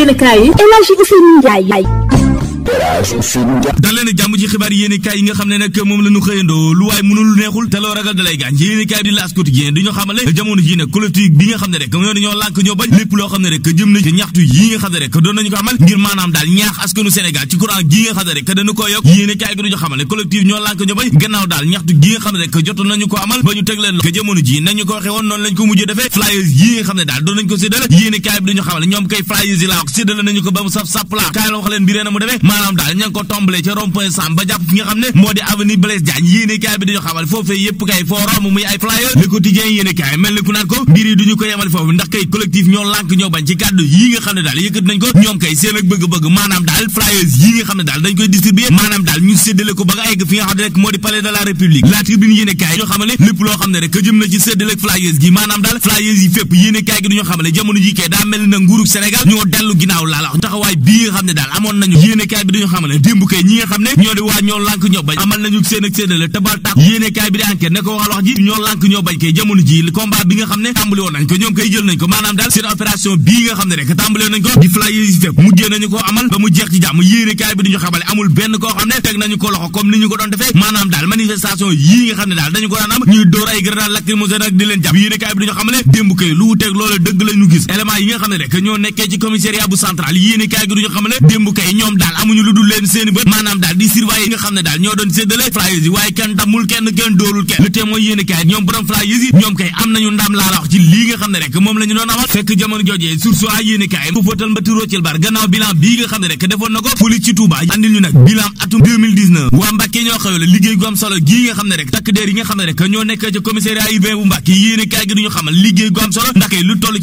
yéenekaay yi El Hadji Ousseynou Ndiaye dalee na jàmm ji xibaar yéene kaay yi nga xam ne nag moom la xëyandoo lu waaye mënul neexul te loo ragal dalay gaañ ci ñaxtu yi bi duñu xamale ñoom kay flyers yi laa wax séddale nañu ko ba mu saf sàpp laa kaay la leen bi mu demee maanaam xam ndax kay collectif ñoo lànk ñoo bañ ci kàddu yi nga xam ne daal dañ koy distribuer maanaam daal ñu yi fépp yéene gi duñu xamale jamono ji daa mel na nguurug Sénégal ñoo dellu ginnaaw laa la taxawaay bii xam ne daal amoon nañu bi dañu xamal démb kay ñi nga xam ne rek ñoo nekkee ci commissariat bu central yéene kaay bi di ñu xamal démb kay ñoom daal amuñu defuñu lu dul leen seeni bët maanaam daal di surveiller yi nga xam ne daal ñoo doon séddale flyers yi waaye kenn dammul kenn kenn dóorul kenn lu témoin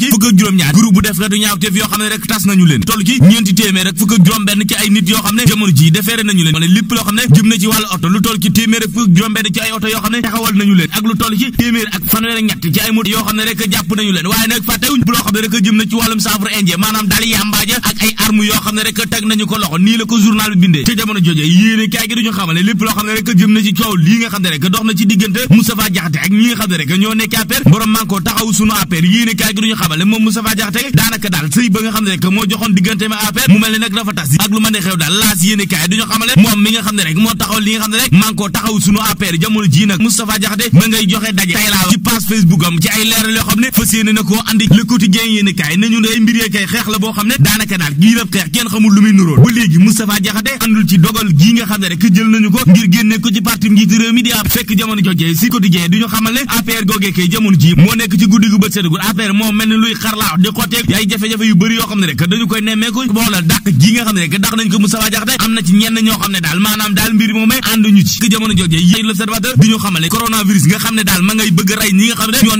fukk juróom-ñaar groupe bu def ñaawteef yoo xam ne rek tas nañu leen toll ci ñeenti téeméer rek fukk juróom benn ci ay nit yoo am ne jamono ji defeere nañu leen wala loo xam ne jëm na ci wàllu oto lu toll ci téeméer ak fukk ci ay oto yoo xam ne taxawal nañu ak lu toll ci yoo xam ne rek jàpp nañu leen waaye nag fàttewuñ ko loxo nii la ko journal bi bindee te jamono jooje yéene kaay gi duñu xamal ne lépp loo xam diggante Moustapha Diakhaté ak ñi xam ne rek ñoo nekk APR borom mànkoo taxawu sunu APR yéene kaay gi duñu xamal ne moom Moustapha Diakhaté daanaka daal sëy ba nga xam ne rek moo joxoon diggante ma APR mu mel ne nag dafa tas ak lu mën a xew daal laas yéen kaay duñu xamale moom mi nga xam ne rek moo taxaw li nga xam ne rek man mel ni luy xar laa di xotteeg ay jafe-jafe yu bëri yoo xam ne rek dañu koy nemmeeku boola dàq gi nga xam ne rek dàq nañ ko Moustapha xajaxte am na ci jooje yéen ñu xamale coronavirus ji nag ñoo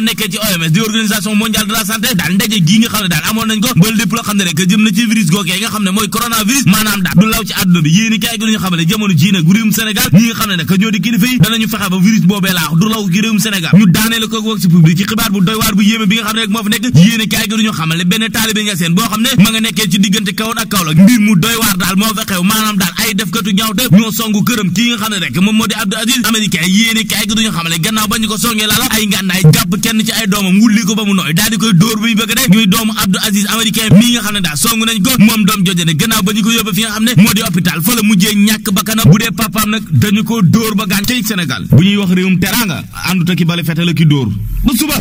nekkee ci OMS di organisation mondiale de la santé daal ndaje gi nga xam ne daal amoon nañ ko ba lépp loo xam ne rek jëm na ci virus googee nga xam ne mooy coronavirus maanaam maanaam daal du law ci àdduna bi yéen i kaay gi xamale jamono ji nag Sénégal ñi nga xam nag ñoo di kilifa ne gannaaw ba ñu ko dóor bu ñu bëgg de ñuy doomu Abdou Aziz américain mi nga xam ne daal songu nañ ko moom doom jojene gannaaw ba ñu ko yóbbu fi nga xam ne moo di hôpital fa la mujjee ñàkk bakkanam bu dee papaam nag dañu ko dóor ba gaañ ci Sénégal bu ñuy wax réewum teraanga àndut ak ki bale fete a ki dóor ba suba